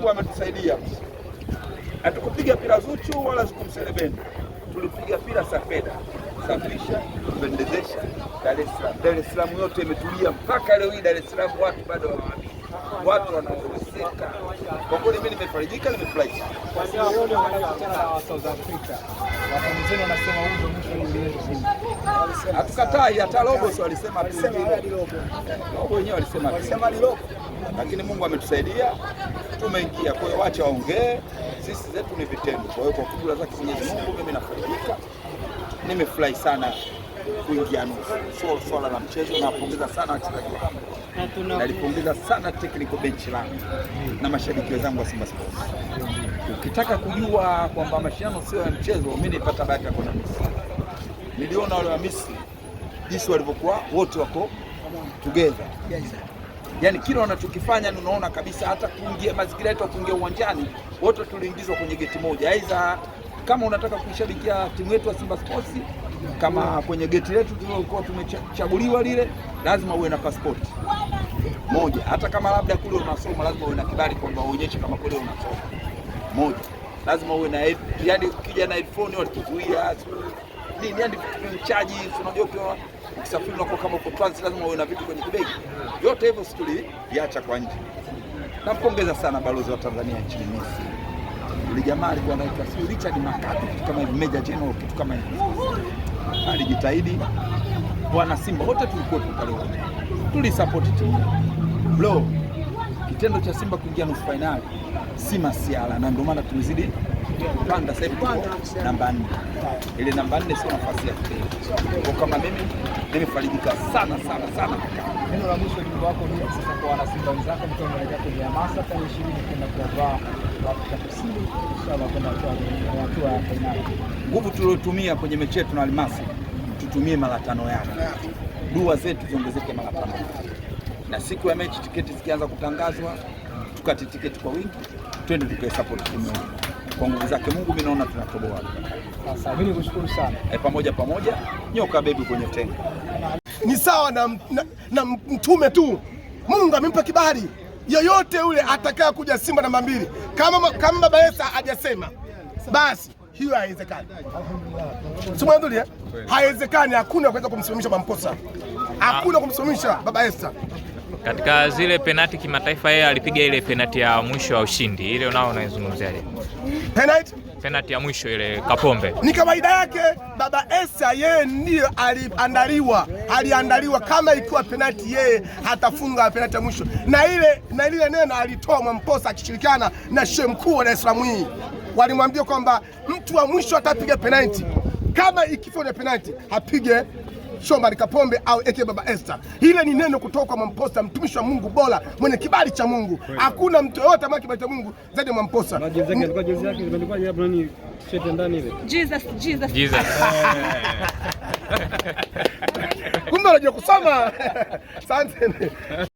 Mungu ametusaidia. Hatukupiga pira Zuchu wala sikumselebeni, tulipiga pira Safeda. Safisha, pendezesha Dar es Salaam. Dar es Salaam yote imetulia mpaka leo hii. Dar es Salaam watu bado wanaamini, watu wanaoseka. Kwa kweli mimi nimefarijika, nimefurahi hatukatai hata robo, sio walisema tu wenyewe, walisema alisema ni robo, lakini Mungu ametusaidia tumeingia. Kwa hiyo wacha waongee, sisi zetu ni vitendo. Kwa hiyo kwa kudura zake Mwenyezi Mungu mimi nafaidika, nimefurahi sana kuingia nusu. So swala la mchezo napongeza sana wachezaji wangu, nalipongeza sana technical bench langu na mashabiki wenzangu wa Simba Sports. Ukitaka kujua kwamba mashindano sio ya mchezo, mimi nipata bahati ya kwenda Misri, niliona wale wa Misri jinsi walivyokuwa wote wako together yani kile wanachokifanya unaona kabisa, hata kuingia mazingira yetu kuingia uwanjani wote tuliingizwa kwenye geti moja, aidha kama unataka kuishabikia timu yetu ya Simba Sports, kama kwenye geti letu tulikuwa tumechaguliwa lile, lazima uwe na passport moja. Hata kama labda kule unasoma, lazima uwe na kibali kwamba uonyeshe kama kule unasoma moja. Lazima uwe na yani, ukija na headphone watakuzuia nini, yani vichaji, unajua ukisafiri unakuwa kama uko transit, lazima uwe na vitu kwenye kibegi. Yote hivyo si tuliacha kwa nje. Nampongeza sana balozi wa Tanzania nchini Misri, yule jamaa alikuwa anaitwa si Richard Makati, kitu kama hivi, Meja General, kitu kama hivi. Alijitahidi bwana Simba wote tulikuwepo pale, wote tulisapoti timu bro. Kitendo cha Simba kuingia nusu finali si masiala, na ndio maana tumezidi Mpanda sasa namba nne. Ile namba nne sio nafasi ya kwa kama mimi nimefarijika sana sana sana. Neno la mwisho ni wako ni sasa kwa wana Simba wenzako mtu anaelekea kwenye hamasa tarehe 20 kwenda Afrika Kusini inshallah kwenda kwa watu wa fainali. Nguvu tuliotumia kwenye mechi yetu na Almasi tutumie mara tano yake. Dua zetu ziongezeke mara tano. Na siku ya mechi tiketi zikianza kutangazwa tukati tiketi kwa wingi twende tukae support kwa nguvu zake Mungu, mimi naona tunatoboa. Sasa mimi nikushukuru sana e, pamoja pamoja, nyoka bebi kwenye tenga ni sawa na, na, na mtume tu. Mungu amempa kibali yoyote yule atakaye kuja Simba namba mbili, kama kama baba Esa hajasema basi hiyo haiwezekani, simandulia eh? haiwezekani. Hakuna kuweza kumsimamisha Mamposa, hakuna kumsimamisha baba Esa. Katika zile penati kimataifa, yeye alipiga ile penati ya mwisho ya ushindi ile, unao unaizungumziaje? Penati penati ya mwisho ile Kapombe, ni kawaida yake. Baba Esa yeye ndiyo aliandaliwa, aliandaliwa kama ikiwa penati, yeye hatafunga penati ya mwisho, na ile na lile neno alitoa Mwamposa akishirikiana na shehe mkuu wa Dar es Salaam hii, walimwambia kwamba mtu wa mwisho atapiga penati, kama ikifa penati hapige Shomari Kapombe au eke Baba Esther. Hile ni neno kutoka kwa Mwamposa, mtumishi wa Mungu bora, mwenye kibali cha Mungu. Hakuna mtu yoyote ambaye kibali cha Mungu zaidi ya Mwamposa. Jesus, Jesus. Jesus. Kumbe anajua kusoma. Asante.